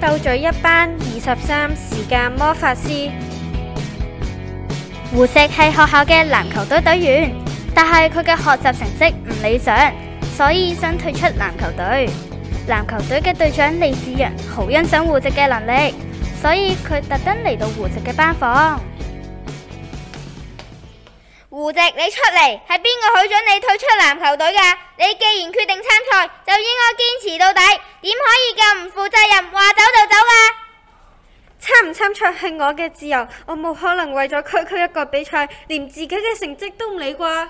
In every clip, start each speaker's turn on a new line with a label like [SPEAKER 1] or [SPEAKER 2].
[SPEAKER 1] 鬥嘴一班二十三，時間魔法師。胡直係學校嘅籃球隊隊員，但係佢嘅學習成績唔理想，所以想退出籃球隊。籃球隊嘅隊長李子陽好欣賞胡直嘅能力，所以佢特登嚟到胡直嘅班房。胡直，你出嚟！係邊個許准你退出籃球隊㗎？你既然決定參賽，就應該堅持到底。點可以咁唔負責任，話走就走啊？參唔參賽係我嘅自由，我冇可能為咗區區一個比賽，連自己嘅成績都唔理啩？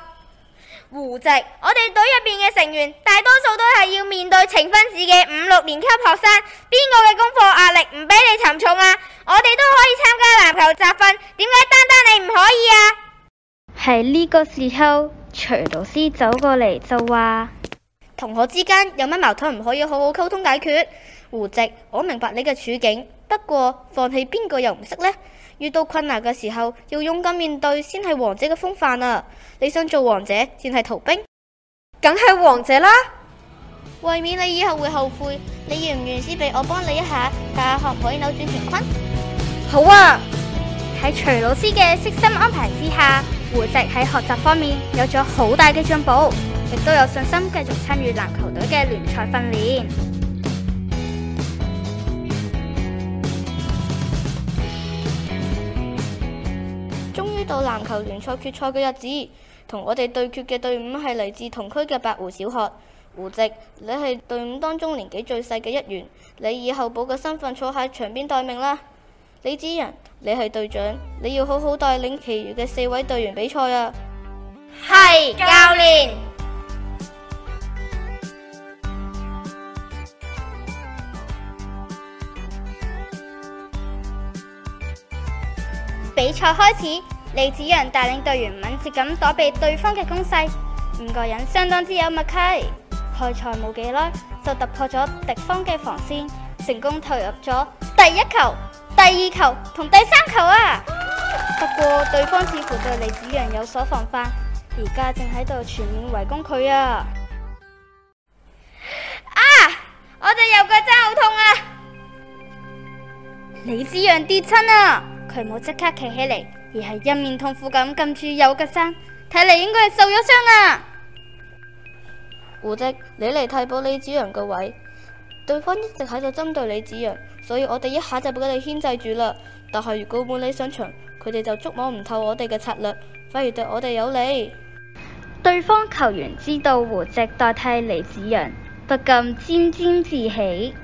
[SPEAKER 1] 胡直，我哋隊入邊嘅成員，大多數都係要面對呈分試嘅五六年級學生，邊個嘅功課壓力唔比你沉重啊？我哋都可以參加籃球集訓，點解單單你唔可以啊？喺呢個時候，徐老師走過嚟就話。同學之間有乜矛盾唔可以好好溝通解決？胡直，我明白你嘅處境，不過放棄邊個又唔識呢？遇到困難嘅時候要勇敢面對先係王者嘅風範啊！你想做王者，先係逃兵？梗係王者啦！為免你以後會後悔，你願唔願意，畀我幫你一下，睇下可唔可以扭轉乾坤？好啊！喺徐老師嘅悉心安排之下，胡直喺學習方面有咗好大嘅進步。亦都有信心繼續參與籃球隊嘅聯賽訓練。終於到籃球聯賽決賽嘅日子，同我哋對決嘅隊伍係嚟自同區嘅白湖小學。胡直，你係隊伍當中年紀最細嘅一員，你以候補嘅身份坐喺場邊待命啦。李子仁，你係隊長，你要好好帶領其餘嘅四位隊員比賽啊。係，教練。比賽開始，李子陽帶領隊員敏捷咁躲避對方嘅攻勢，五個人相當之有默契。開賽冇幾耐，就突破咗敵方嘅防線，成功投入咗第一球，第二球同第三球啊！ 不過對方似乎對李子陽有所防範，而家正喺度全面圍攻佢啊！啊！我哋右腳真係好痛啊！李子陽跌親啊！佢冇即刻企起嚟，而係一面痛苦咁撳住右嘅身，睇嚟應該係受咗傷啊！胡哲，你嚟替補李子陽嘅位，對方一直喺度針對李子陽，所以我哋一下就俾佢哋牽制住啦。但係如果冇理上場，佢哋就捉摸唔透我哋嘅策略，反而對我哋有利。對方球員知道胡哲代替李子陽，不禁沾沾自喜。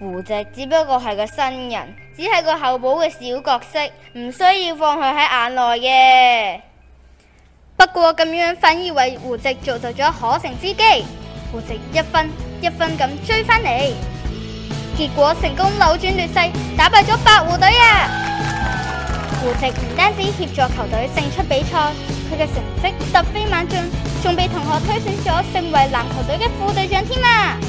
[SPEAKER 1] 胡植只不過係個新人，只係個候補嘅小角色，唔需要放佢喺眼內嘅。不過咁樣反而為胡植造就咗可乘之機，胡植一分一分咁追翻嚟，結果成功扭轉劣勢，打敗咗白狐隊啊！ 胡植唔單止協助球隊勝出比賽，佢嘅成績突飛猛進，仲被同學推選咗成為籃球隊嘅副隊長添啊！